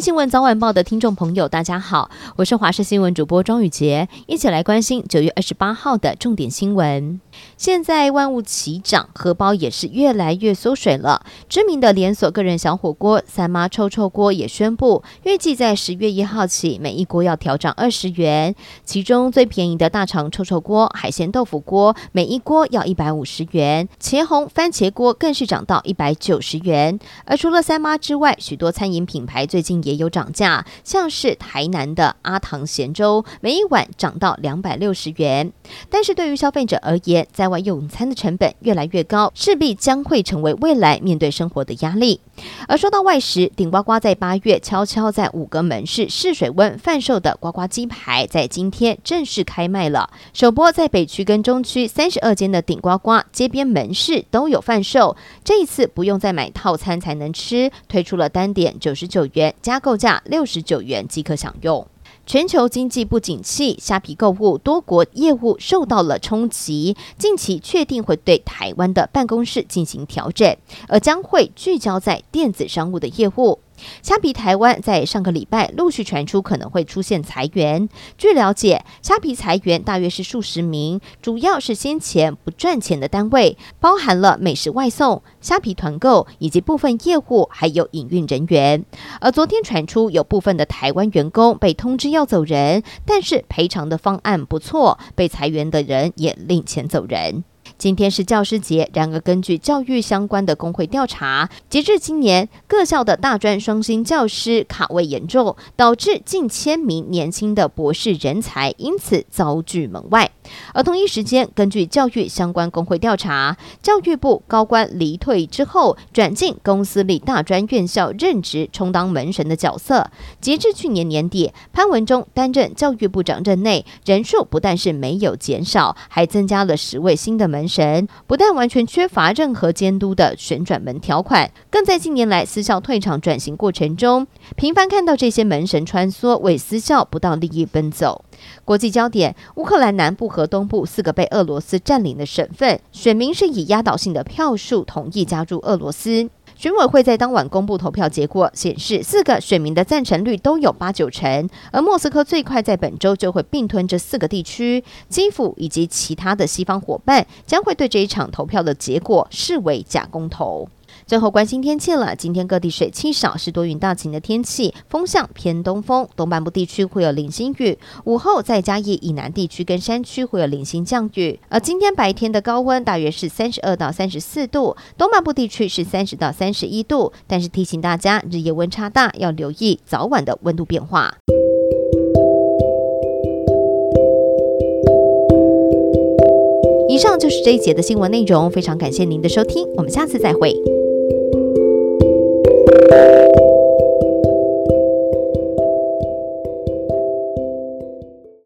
《新聞早晚報》的聽眾朋友，大家好，我是華視新聞主播莊雨杰，一起來關心九月二十八號的重點新聞。現在萬物齊漲，荷包也是越來越縮水了。知名的連鎖個人小火鍋三媽臭臭鍋也宣布，預計在十月一號起，每一鍋要調漲二十元。其中最便宜的大腸臭臭鍋、海鮮豆腐鍋，每一鍋要一百五十元；茄紅番茄鍋更是漲到一百九十元。而除了三媽之外，許多餐飲品牌最近也有漲價，像是台南的阿唐鹹粥，每一碗漲到兩百六十元。但是，對於消費者而言，在外用餐的成本越來越高，勢必將會成為未來面對生活的壓力。而說到外食，頂呱呱在八月悄悄在五個門市試水溫販售的呱呱雞排，在今天正式開賣了。首波在北區跟中區三十二間的頂呱呱街邊門市都有販售，這一次不用再買套餐才能吃，推出了單點九十九元，加購價六十九元即可享用。全球經濟不景氣，蝦皮購物多國業務受到了衝擊，近期確定會對台灣的辦公室進行調整，而將會聚焦在電子商務的業務。蝦皮台灣在上個禮拜陸續傳出可能會出現裁員，據了解，蝦皮裁員大約是數十名，主要是先前不賺錢的單位，包含了美食外送、蝦皮團購以及部分業務，還有營運人員。而昨天傳出有部分的台灣員工被通知要走人，但是賠償的方案不錯，被裁員的人也領錢走人。今天是教師節，然而根據教育相關的工會調查，截至今年，各校的大專雙薪教師卡位嚴重，導致近千名年輕的博士人才因此遭拒門外。而同一時間，根據教育相關工會調查，教育部高官離退之後，轉進公私立大專院校任職，充當門神的角色。截至去年年底，潘文忠擔任教育部長任內，人數不但是沒有減少，還增加了十位新的門神，不但完全缺乏任何監督的旋轉門條款，更在近年來私校退場轉型過程中，頻繁看到這些門神穿梭為私校不當利益奔走。國際焦點：烏克蘭南部和東部四個被俄羅斯占領的省份，選民是以壓倒性的票數同意加入俄羅斯。選委會在當晚公布投票結果，顯示四個選民的贊成率都有八九成，而莫斯科最快在本周就會併吞這四個地區。基輔以及其他的西方夥伴將會對這一場投票的結果視為假公投。最後關心天氣了。今天各地水氣少，是多雲到晴的天氣，風向偏東風。東半部地區會有零星雨，午後在嘉義以南地區跟山區會有零星降雨。而今天白天的高溫大約是三十二到三十四度，東半部地區是三十到三十一度。但是提醒大家，日夜溫差大，要留意早晚的溫度變化。以上就是這一節的新聞內容，非常感謝您的收聽，我們下次再會。